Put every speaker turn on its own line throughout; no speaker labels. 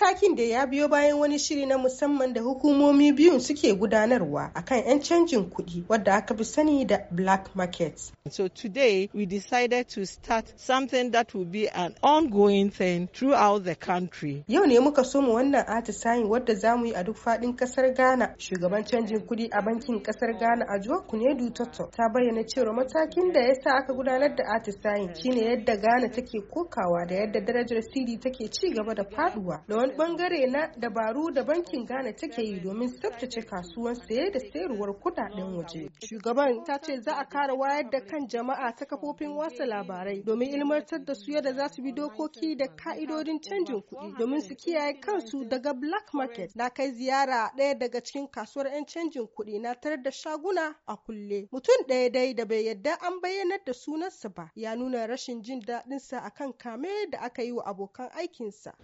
Matakin da ya biyo bayan wani shiri na musamman da hukumomi biyun suke gudanarwa akan 'yan canjin kuɗi wadda aka fi sani da black market. So today we decided to start something that will be an ongoing thing throughout the country. Yau ne muka so mu wannan atisayin wadda za mu yi a duk faɗin ƙasar Ghana. Shugaban canjin kuɗi a bankin ƙasar Ghana a jiwa Kunedu Toto ta bayyana cewa matakin da ya sa aka gudanar da atisayin shine yadda Ghana take kokawa da yadda darajar sidi take ci gaba da faduwa wani bangare na dabaru da bankin Ghana take yi domin tsabtace kasuwan saye da sayarwar kudaden waje. Shugaban ta ce za a kara wayar da kan jama'a ta kafofin wasa labarai domin ilmantar da su yadda za su bi dokoki da ka'idodin canjin kuɗi domin su kiyaye kansu daga black market. Na kai ziyara ɗaya daga cikin kasuwar 'yan canjin kuɗi na tare da shaguna a kulle. Mutum ɗaya dai da bai yadda an bayyanar da sunansa ba ya nuna rashin jin daɗinsa akan kame da aka yi wa abokan aikinsa.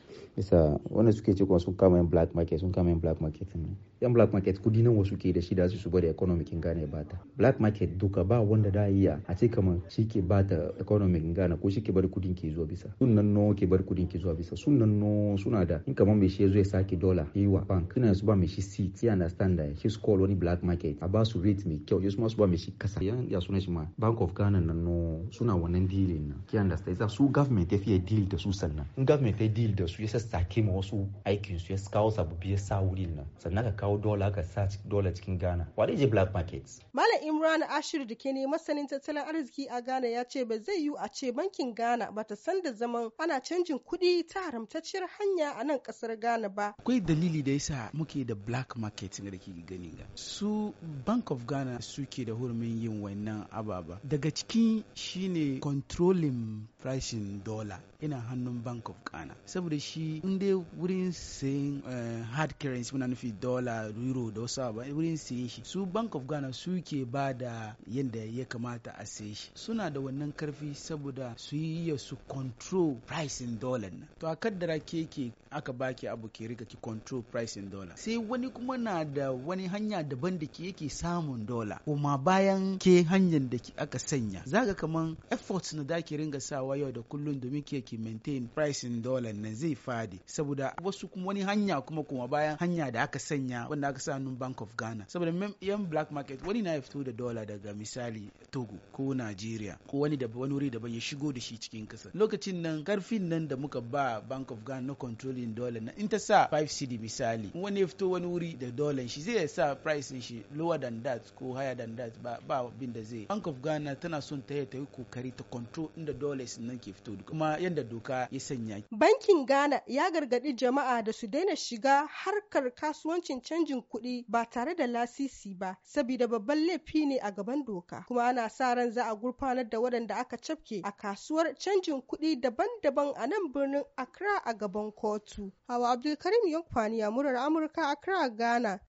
wanda suke ce kuma sun kama yan black market sun kama yan black market ne yan black market kudi nan wasu ke da shi da su su bari economic in Ghana ba ta black market duka ba wanda da iya a ce kamar shi ke ba ta economic in Ghana ko shi ke bar kudin ke zuwa bisa sun nan no ke bar kudin ke zuwa bisa sun nan no suna da in kamar mai shi zai sake dollar yi wa bank kana su ba mai shi seat ya understand da his call wani black market a ba su rate mai kyau yasu ma su ba mai shi kasa ya suna shi ma bank of Ghana nan no suna wannan dealing na ki understand su government ya fiye deal da su sannan in government ya deal da su ya sassake ma wasu aikin su ya kawo sababbi ya sa wurin nan sannan ka kawo dola ka sa dola cikin Ghana wa je black market
Malam Imran Ashir da ke ne masanin tattalin arziki a Ghana ya ce ba zai yiwu a ce bankin Ghana ba ta san da zaman ana canjin kuɗi ta haramtacciyar hanya a nan ƙasar Ghana ba
akwai dalili da yasa muke da black market da ke gani ga su Bank of Ghana suke da hurumin yin wannan ababa daga cikin shine controlling pricing dollar ina hannun Bank of Ghana saboda shi in wurin sayin eh, hard currency muna nufi dollar euro da wasu abu eh, wurin sen shi su bank of ghana suke ba da yadda ya kamata a sen shi suna da wannan karfi saboda su yi ya su control pricing dollar na to a kaddara keke aka baki abu ke rika ki control pricing dollar sai wani kuma na da wani hanya daban da ke yake samun dollar kuma bayan ke hanyar da aka sanya zaga kaman efforts na da ke ringa sawa yau da kullum domin ke ki maintain pricing dollar na zai fadi saboda saboda wasu kuma wani hanya kuma kuma bayan hanya da aka sanya wanda aka sa nun bank of ghana saboda yan black market wani na fito da dola daga misali togo ko nigeria ko wani da wani wuri daban ya shigo da shi cikin kasa lokacin nan karfin nan da muka ba bank of ghana na controlling dola na in ta sa 5 cd misali wani ya fito wani wuri da dolan shi zai sa price shi lower than that ko higher than that ba ba bin da zai bank of ghana tana son ta ta yi kokari ta control inda dollars nan ke fito kuma yadda doka ya sanya
bankin ghana ya gargadi gargaɗi jama'a da su daina shiga harkar kasuwancin canjin kuɗi ba tare da lasisi ba saboda babban laifi ne a gaban doka kuma ana sa ran za a gurfanar da waɗanda aka cafke a kasuwar canjin kuɗi daban-daban a nan birnin Accra a gaban kotu. Hawa Abdulkarim Yankwani ya murar Amurka Accra Ghana.